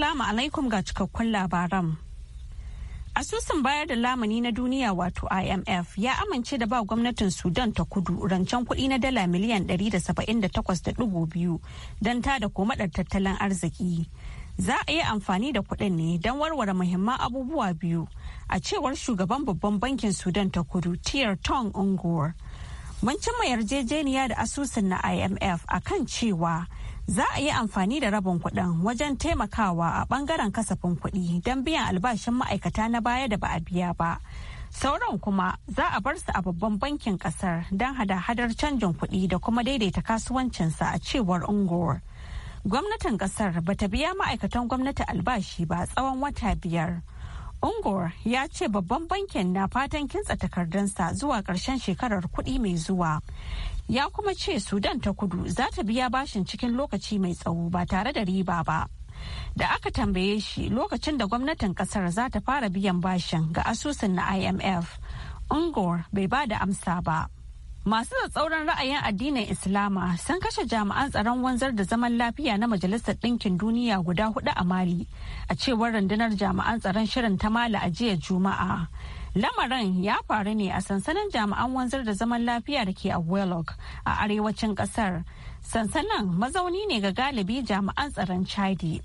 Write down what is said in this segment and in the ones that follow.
Assalamu alaikum ga cikakkun labaran. Asusun bayar da lamuni na duniya wato IMF ya amince da ba gwamnatin Sudan ta kudu rancen kuɗi na dala miliyan 178.2 don ta da komadar tattalin arziki. Za a yi amfani da kuɗin ne don warware muhimman abubuwa biyu a cewar shugaban babban bankin Sudan ta kudu Tier Tong Unguwar. Mun cimma yarjejeniya da asusun na IMF akan cewa za a yi amfani da rabin kuɗin wajen taimakawa a ɓangaren kasafin kuɗi don biyan albashin ma'aikata na baya da ba a biya ba. Sauran kuma za a bar su a babban bankin kasar don hada-hadar canjin kuɗi da kuma daidaita kasuwancinsa a cewar unguwar. Gwamnatin kasar ba ta biya ma'aikatan gwamnati albashi ba tsawon wata biyar. Ungor ya ce babban bankin na fatan kintsa takardunsa zuwa ƙarshen shekarar kuɗi mai zuwa. ya kuma ce sudan ta kudu za ta biya bashin cikin lokaci mai tsawo ba tare da riba ba da aka tambaye shi lokacin da gwamnatin kasar za ta fara biyan bashin ga asusun na imf ungor bai ba da amsa ba Masu tsauran ra'ayin addinin Islama sun kashe jami'an tsaron wanzar da zaman lafiya na Majalisar Ɗinkin Duniya guda hudu a Mali, a cewar rundunar jami'an tsaron shirin ta Mali a jiya Juma'a. Lamarin ya faru ne a sansanin jami'an wanzar da zaman lafiya da ke a Wellock a arewacin kasar. Sansanin mazauni ne ga galibi jami'an tsaron Chadi.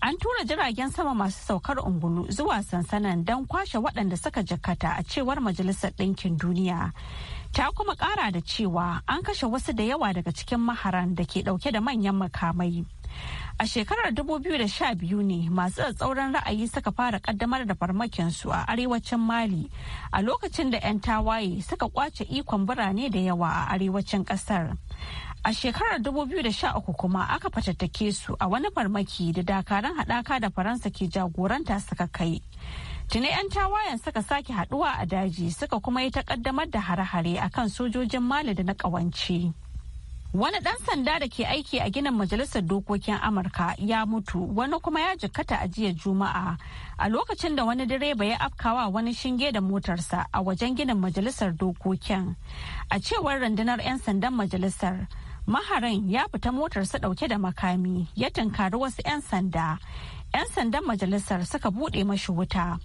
An tura jiragen sama masu saukar ungulu zuwa sansanin don kwashe waɗanda suka jakata a cewar Majalisar Ɗinkin Duniya. Ta kuma ƙara da cewa an kashe wasu da yawa daga cikin maharan da ke ɗauke da manyan makamai. A shekarar 2012 ne masu tsauran ra'ayi suka fara kaddamar da farmakinsu a arewacin Mali a lokacin da 'yan tawaye suka kwace ikon birane da yawa a arewacin kasar. A shekarar 2013 kuma aka fatattake su a wani farmaki da dakaran haɗaka da Faransa ke jagoranta suka kai. Tuni 'yan tawayen suka sake haɗuwa a daji suka kuma yi ta kaddamar da hare-hare a kan sojojin Mali da na ƙawance. Wani ɗan sanda da ke aiki a ginin Majalisar Dokokin Amurka ya mutu wani kuma ya jikkata a jiya Juma'a a lokacin da wani direba ya afkawa wani shinge da motarsa a wajen ginin Majalisar Dokokin. A cewar rundunar 'yan sandan Majalisar, maharan ya fita motarsa ɗauke da makami ya tunkari wasu 'yan sanda. 'Yan sandan Majalisar suka buɗe mashi wuta.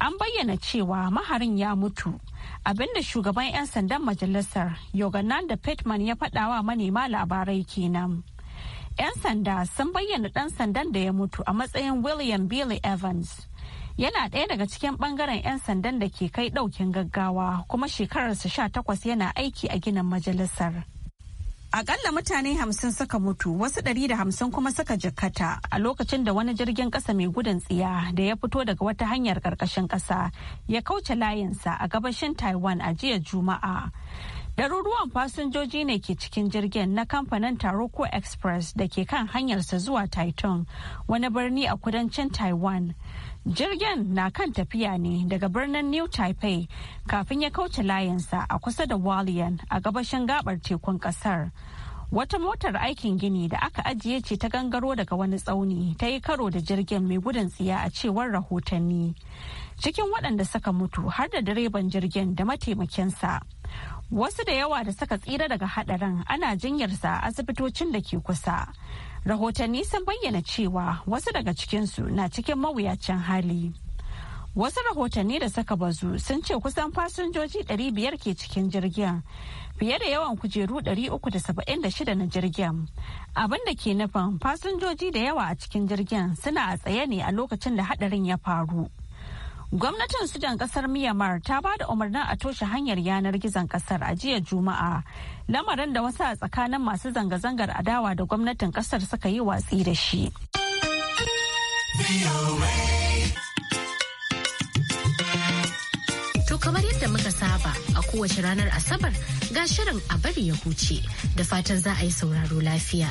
an bayyana cewa maharin ya mutu abinda shugaban 'yan sandan majalisar da pittman ya faɗawa manema labarai kenan 'yan sanda sun bayyana ɗan sandan da ya mutu a matsayin william billy evans yana ɗaya daga cikin ɓangaren 'yan sandan da ke kai ɗaukin gaggawa kuma shekararsa takwas yana aiki a ginin majalisar Akalla mutane hamsin suka mutu wasu ɗari da hamsin kuma suka jikkata a lokacin da wani jirgin ƙasa mai gudun tsiya da ya fito daga wata hanyar ƙarƙashin ƙasa ya kauce layinsa a gabashin Taiwan a jiya Juma'a. Daruruwan fasinjoji ne ke cikin jirgin na kamfanin Taroko Express da ke kan hanyarsa zuwa Taitung, wani birni a kudancin Taiwan. Jirgin na kan tafiya ne daga birnin New Taipei kafin ya kauce layinsa a kusa da Walian a gabashin gabar tekun kasar. Wata motar aikin gini da aka ajiye ce ta gangaro daga wani tsauni ta yi karo da jirgin mai gudun tsiya a cewar rahotanni. Cikin waɗanda suka mutu har da direban jirgin da mataimakinsa. Wasu da yawa da suka tsira daga hadarin ana jinyarsa a asibitocin da ke kusa. Rahotanni sun bayyana cewa wasu daga cikinsu na cikin mawuyacin hali. Wasu rahotanni da suka bazu sun ce kusan fasinjoji 500 ke cikin jirgin, fiye da yawan kujeru 376 na jirgin. Abin da ke nufin fasinjoji da yawa a cikin jirgin suna a tsaye ne a lokacin da hadarin ya faru. Gwamnatin Sudan kasar Myanmar ta ba da umarnin a toshe hanyar yanar gizon kasar a jiya Juma'a. Lamarin da wasu a tsakanin masu zanga-zangar adawa da gwamnatin kasar suka yi watsi da shi. To kamar yadda muka saba a kowace ranar Asabar ga shirin a bari ya huce da fatan za a yi sauraro lafiya.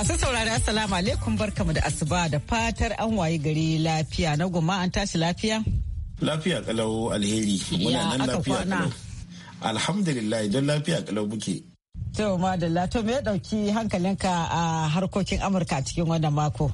Masu saurari Assalamu alaikum barkamu da asuba da fatar an wayi gari lafiya na goma an tashi lafiya? Lafiya kalau alheri. Muna nan lafiya kalau. Alhamdulillah don lafiya kalau muke. To madalla to me ya dauki hankalinka a harkokin Amurka cikin wannan mako?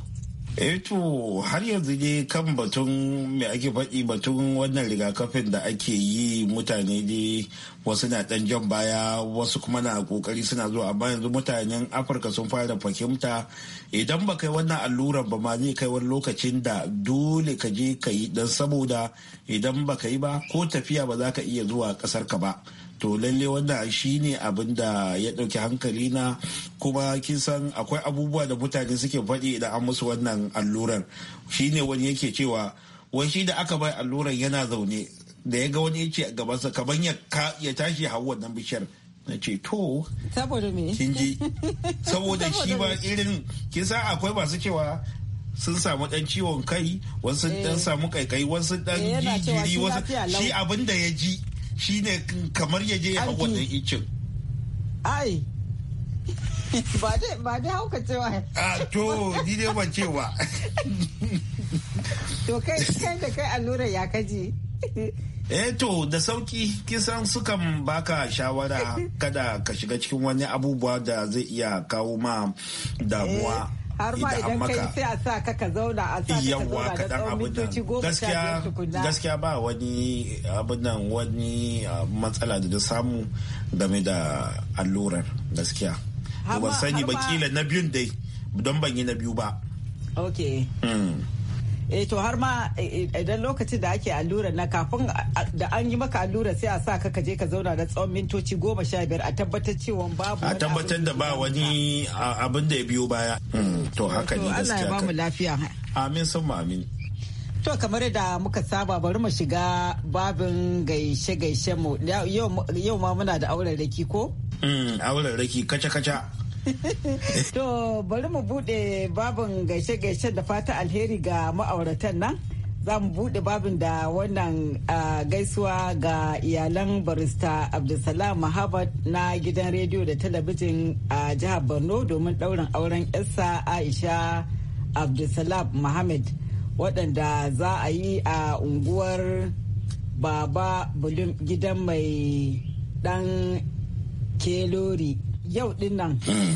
eto eh har yanzu ne kan batun mai ake faɗi batun wannan rigakafin da ake yi mutane ne wasu na ɗan jan baya wasu kuma na kokari suna zuwa amma yanzu mutanen afirka sun fara fahimta idan ba kai wannan alluran ba ma zai kai wani lokacin da dole ka je ka yi dan saboda idan ba ka yi ba ko tafiya ba za ka iya zuwa ƙasar ka ba to lalle wannan shi ne abin da ya ɗauki hankali na kuma kin san akwai abubuwa da mutane suke faɗi idan an musu wannan allurar shi ne wani yake cewa wai shi da aka bai allurar yana zaune da ya ga wani yake a gabansa kaban ya tashi ya hau wannan bishiyar na ce to saboda me kin ji saboda shi ba irin kin san akwai masu cewa sun samu dan ciwon kai wasu dan eh. samu kaikai wasu dan eh, jijiri wasu shi abin da ya ji shi ne kamar ya je hau wannan icin ai ba dai hauka cewa a to ni dai ban cewa to kai kai da kai allura ya kaji eh to da sauki kisan sukan baka shawara kada ka shiga cikin wani abubuwa da zai iya kawo ma damuwa eh. har ma idan kai sai a sa ka ka zauna a sa ka zauna da tsawon mintoci goma sha biyar tukuna gaskiya ba wani abin nan wani ah, matsala da samu game da allurar gaskiya ba sani ba kila na biyun dai don ban yi na biyu ba okay mm. eh to har ma eh, eh, idan lokacin da ake allura na kafin da an yi maka allura sai a sa ka kaje ka zauna na tsawon mintoci goma sha biyar a tabbatar cewa babu a tabbatar da ba wani abin da ya biyo baya mm, to haka ne gaskiya Allah ya ba mu lafiya amin sun amin To kamar da muka saba bari mu shiga babin gaishe-gaishe mu yau ma muna da auren raki ko? Mm, auren raki kaca-kaca. To bari mu bude babin gaishe-gaishe da fata alheri ga ma'auratan nan. Za mu bude babin da wannan gaisuwa ga iyalan barista Abdulsalam Muhammad na gidan rediyo da talabijin a jihar Borno domin ɗaurin auren yarsa Aisha Abdulsalam Muhammad waɗanda za a yi a unguwar Baba Bulum gidan mai ɗan Kelori yau din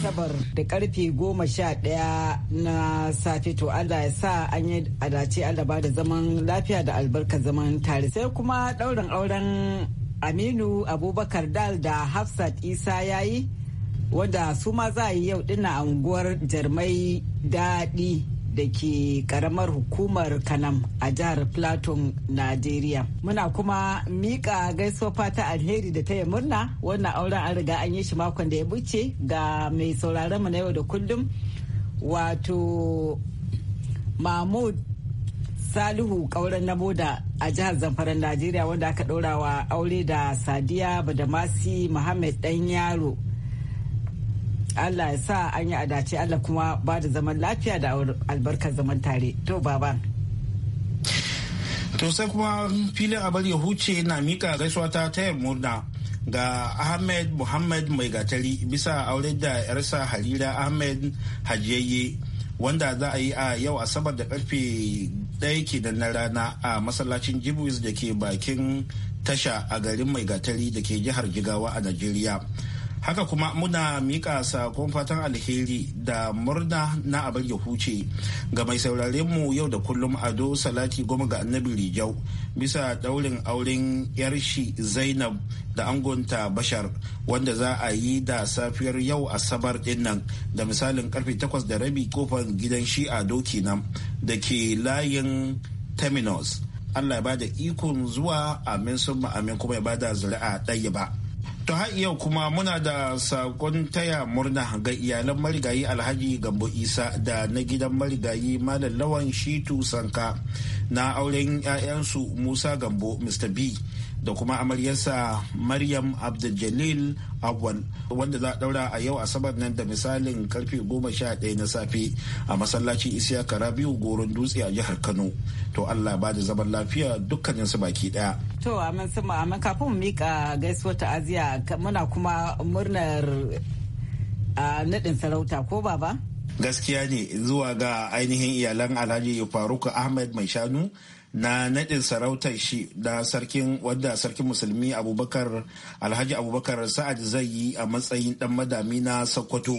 sabar da karfe goma sha daya na safe to Allah ya sa an yi adace Allah ba da zaman lafiya da albarka zaman tare sai kuma ɗaurin auren Aminu Abubakar Dal da Hafsat Isa ya yi wanda su ma za a yi yau dinnan a unguwar Jarmai Daɗi da ke karamar hukumar kanam a jihar platon najeriya muna kuma mika gaisuwa fata alheri da ta taya murna wannan auren an riga an yi shi makon da ya buce ga mai sauraron mu na yau da kullum wato mahmud salihu kauren na boda a jihar zamfara najeriya wanda aka ɗaura wa aure da sadiya badamasi muhammad dan yaro Allah ya sa an yi adace Allah kuma ba da zaman lafiya da albarkar zaman tare. To baba. To sai kuma filin abar ya huce na mika gaisuwa ta tayar murna ga Ahmed Muhammad mai gatari bisa aure da yarsa Halila Ahmed Hajiyayye wanda za a yi a yau asabar da karfe ɗaya ke da na rana a masallacin Jibwis da ke bakin tasha a garin mai gatari da ke jihar Jigawa a Najeriya. haka kuma muna mika sakon fatan alheri da murna na abin ya huce ga mai sauraren mu yau da kullum ado salati goma ga annabi rijau bisa daurin auren yar shi zainab da angonta bashar wanda za a yi da safiyar yau asabar din nan da misalin karfe takwas da rabi kofar gidan shi a doki nan da ke layin terminus allah ya bada ikon zuwa amin sun amin kuma ya bada zuri'a ɗaya ba To har yau kuma muna da sakon taya murna ga iyalan marigayi Alhaji Gambo Isa da na gidan marigayi Malam Lawan Shitu Sanka na auren 'ya'yansu Musa Gambo Mr. B da kuma amaryarsa maryam abdul awwal wanda za a daura a yau asabar nan da misalin karfe goma sha ɗaya na safe a masallacin isiya rabi'u goron dutse a jihar kano to allah ba da zaman lafiya dukkanin su baki daya. to amin sama amin kafin mu mika gaisuwar ta'aziya muna kuma murnar naɗin sarauta ko baba gaskiya ne zuwa ga ainihin iyalan alhaji faruk ahmed mai shanu na naɗin sarautar shi da sarkin wadda sarkin musulmi abubakar alhaji abubakar sa'ad zai yi a matsayin dan madami na sokoto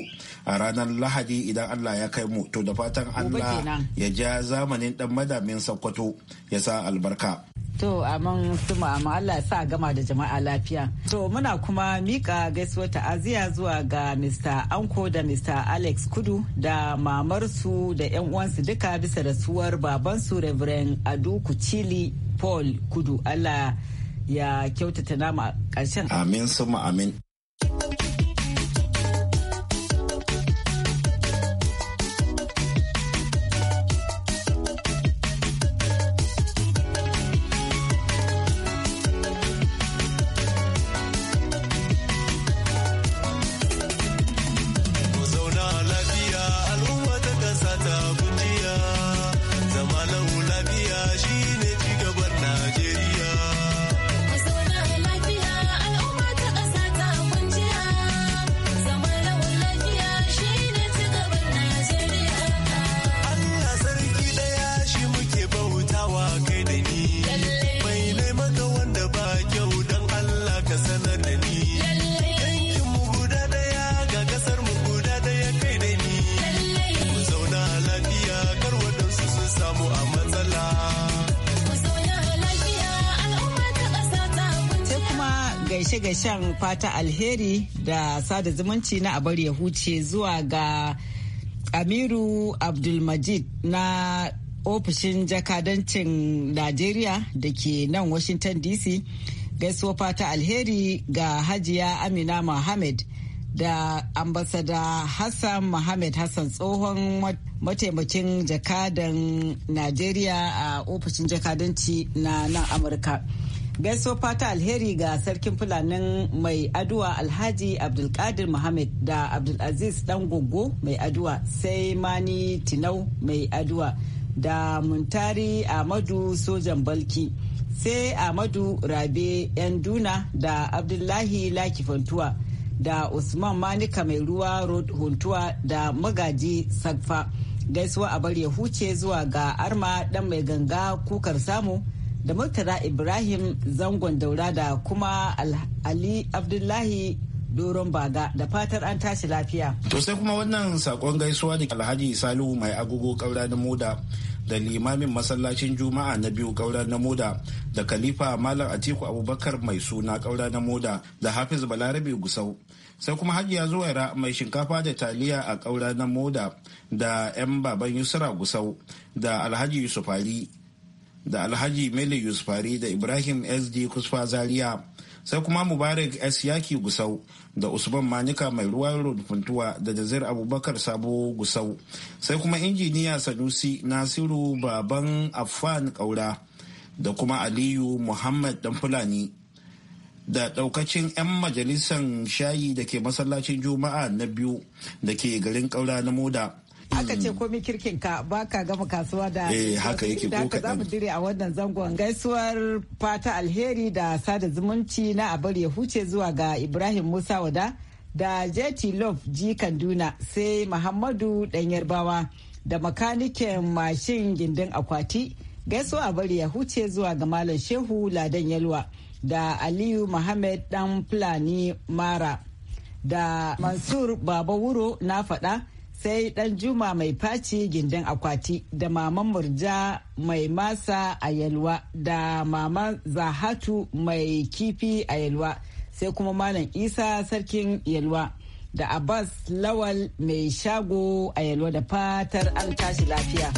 a ranar lahadi idan allah ya kai mu to da fatan allah ya ja zamanin dan madamin sokoto ya sa albarka To aman suma amma Allah sa gama da jama'a lafiya. To muna kuma mika gaisuwar ta'aziyya zuwa ga Mr. Anko da Mr. Alex Kudu da mamarsu da 'yan uwansu duka bisa rasuwar babansu Reverend Adu Kuchili Paul Kudu. Allah ya kyautata nama ƙarshen. Amin suma amin. ga shan fata alheri da sada zumunci na abar ya huce zuwa ga amiru abdulmajid na ofishin jakadancin najeriya da ke nan washington dc gaisuwa fata alheri ga hajiya amina mohammed da ambasada hassan mohammed hassan tsohon mataimakin jakadan najeriya a ofishin jakadanci na nan amurka gaiso fata alheri ga sarkin fulanin mai aduwa alhaji abdulkadir muhammad da abdulaziz dan goggo mai aduwa sai mani tinau mai aduwa da muntari amadu sojan balki sai amadu rabe yan duna da abdullahi laki fantuwa da usman manika mai ruwa huntuwa da magaji sagfa gaisuwa a bar ya huce zuwa ga arma dan mai ganga kukar samu da murtala ibrahim zangon daura da kuma ali abdullahi doron baga da fatar an tashi lafiya to sai kuma wannan sakon gaisuwa da alhaji salihu mai agogo kaura na moda da limamin masallacin juma'a na biyu kaura na moda da kalifa malam atiku abubakar mai suna kaura na moda da hafiz balarabe gusau sai kuma hajiya ra mai shinkafa da taliya a kaura na moda da 'yan baban yusra gusau da alhaji yusufari da alhaji mele yusufari da ibrahim sd kusfa zaria sai kuma mubarak s yaki gusau da usman manika mai ruwa rumfuntuwa da jazir abubakar sabo gusau sai kuma injiniya sanusi nasiru baban Afan kaura da kuma aliyu muhammad dan fulani da daukacin 'yan majalisan shayi da ke masallacin juma'a na biyu da ke garin kaura na moda aka ce komi kirkin ka baka gama kasuwa da eh, haka yake ko kadan zamu dire a wannan zangon gaisuwar fata alheri da sada zumunci na abar ya huce zuwa ga Ibrahim Musa Wada da JT Love G Kanduna sai Muhammadu Dan Yarbawa da makaniken mashin gindin akwati gaisuwa bari ya huce zuwa ga Malam Shehu Ladan Yalwa da Aliyu Muhammad Dan Fulani Mara da Mansur Baba Wuro na faɗa sai dan juma mai faci gindin akwati da maman murja mai masa a yalwa da maman zahatu mai kifi a yalwa sai kuma malam isa sarkin yalwa da abbas lawal mai shago a yalwa da fatar an tashi lafiya.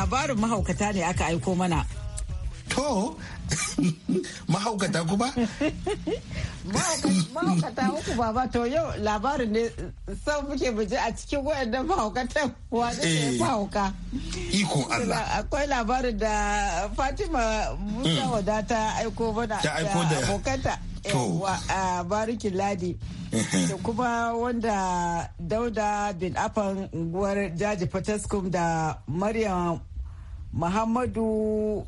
labarin mahaukata ne aka aiko mana. To, mahaukata kuma? Mahaukata uku ba to yau labarin ne sau muke buje a cikin wayannan mahaukatan wani ne eh. mahauka. Iko Allah. Akwai labarin da Fatima Musa hmm. wada ta aiko mana da abokanta. a barikin ladi da kuma wanda dauda bin afan guwar jaji fataskum da maryam muhammadu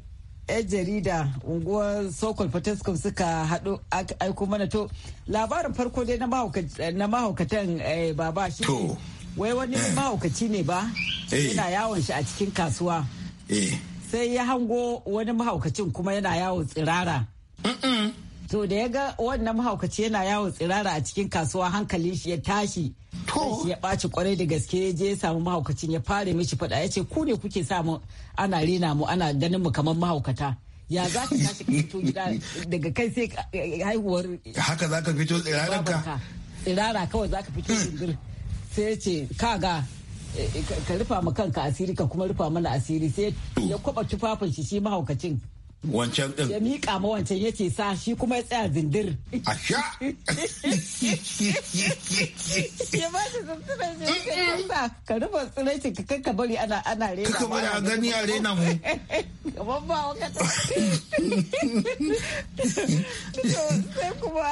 ya jarida unguwar sokol potescom suka haɗu aiko mana to labarin farko dai na mahaukatan eh, baba shi wai wani eh. mahaukaci ne ba eh. yana yawon shi a cikin kasuwa sai ya hango wani mahaukacin kuma yana yawon tsirara to da ya ga wannan mahaukaci yana yawo tsirara a cikin kasuwa hankali shi ya tashi shi ya ɓaci kwarai da gaske ya je ya samu mahaukacin ya fara mishi faɗa ya ce ku ne kuke samu ana rina mu ana ganin mu kamar mahaukata ya za ka tashi ka fito gida daga kai sai haihuwar haka za ka fito tsirarar ka tsirara kawai za ka fito hmm. sindir sai ya ce kaga eh, ka rufa ma kanka asiri ka kuma rufa mana asiri sai ya kwaba tufafin shi shi mahaukacin wancan din ya miƙa ma wancan ya ce sa shi kuma ya tsaya zindir a sha ya ba shi zuntuna shi eh. ya sa ka rufe tsirai shi ka kanka bari ana ana rena ka bari ya gani a rena mu kamar ba wa ta sai kuma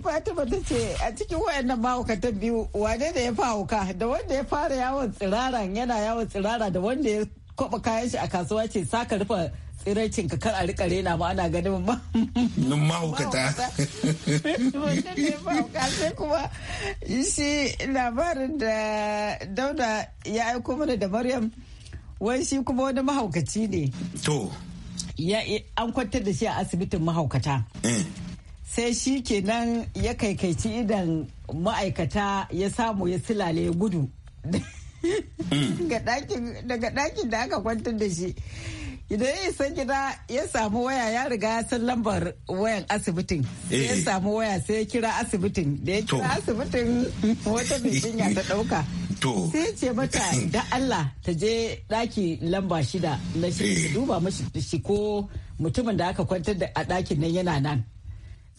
fatima ta ce a cikin wayannan mahaukatan biyu wane da ya fa ka da wanda ya fara yawon tsirara yana yawon tsirara da wanda ya kwaba kayan shi a kasuwa ce saka rufe tsiraicin ka kar a rika rena ma ana ganin ma mahaukata sai kuma shi labarin da dauda ya aiko mana da maryam wai shi kuma wani mahaukaci ne to ya an kwantar da shi a asibitin mahaukata eh. sai shi kenan ya kaikaici idan ma'aikata ya samu ya silale gudu mm. daga ɗakin da aka kwantar da shi idan ya isa gida ya samu waya ya riga ya san lambar wayan asibitin ya eh. samu waya sai ya kira asibitin da ya kira asibitin wata bijinya ta dauka sai ce mata da Allah ta je daki lamba shida na shi eh. duba mashi ko mutumin da aka kwantar da a dakin nan yana nan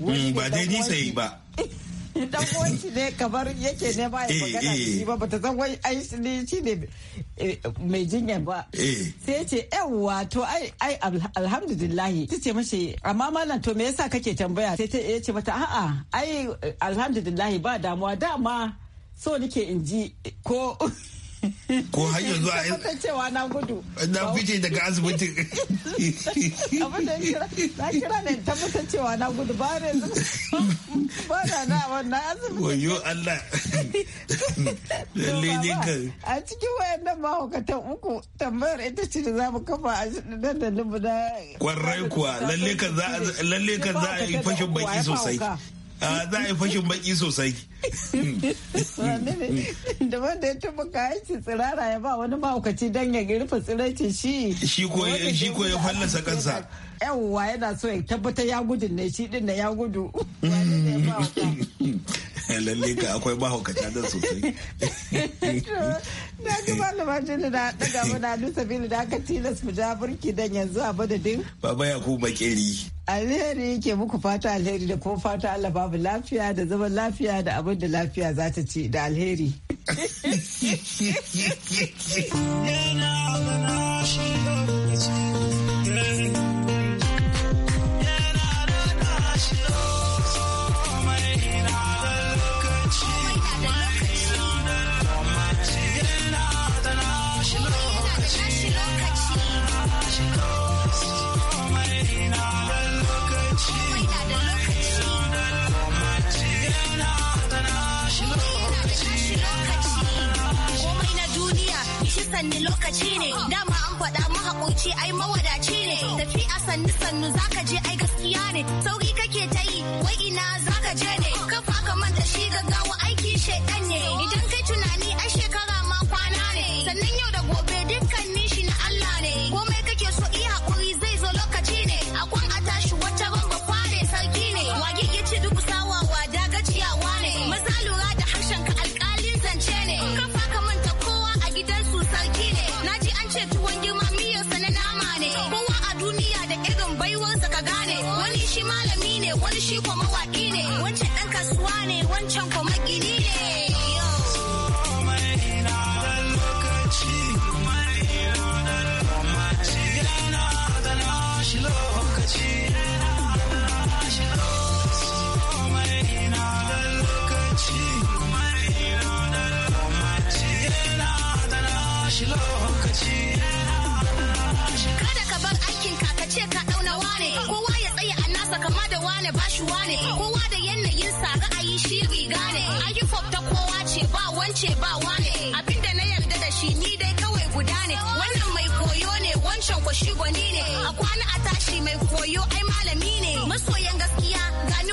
Mm, ba dai nisa ba wanci ne kamar yake ne ba ya eh, magana da shi eh. ba bata san wai ai shi ne eh, mai jinya ba sai ce yawwa to ai ai alhamdulillah ta ce mashi amma malam to me yasa kake tambaya sai ta ce mata a'a ai alhamdulillah ba damuwa dama so nike in ji ko ko har yanzu a yanzu cewa na gudu na fice daga asibitin abin da na kira ne tabbata cewa na gudu ba ne ba na na wannan asibitin wayo Allah lalle ne ka a cikin wayannan mahaukatan uku tambayar ita ce da za mu kafa a da mu na kwarai kuwa lalle ka za lalle ka za a yi fashin baki sosai Ah, za a yi fashin baki sosai. Da wanda ya taba ka shi tsirara ya ba wani mahaukaci don ya girfa tsiraicin shi. Shi ko ya fallasa kansa. Yawwa yana so ya tabbatar ya gudun ne shi din na ya gudu. lalle ka akwai mahaukata da sosai. Na ji lamar jini na daga mana nusa bili da aka tilas mu ja burki dan yanzu a madadin. Baba ya ku bakeri. alheri ke muku fata alheri da kuma fata Allah babu lafiya da zaman lafiya da abin da lafiya za ta ci da alheri. sanni lokaci ne dama an faɗa mahaƙoci ai mawadaci ne tafi a sanni sannu zaka je ai gaskiya ne sauki kake ta yi wai ina zaka je ne kafa ka manta shi gaggawa aiki shedan ne idan kai tunani ai shekara da bashuwa ne kowa da yanayin sa ra'ayi shi riga ne ayyufab ta kowa ce ba wance ba wane abinda na yarda da shi ni dai kawai guda ne wannan mai koyo ne wancan kwashi gwani ne a kwana a tashi mai koyo ai malami ne masoyan gaskiya gani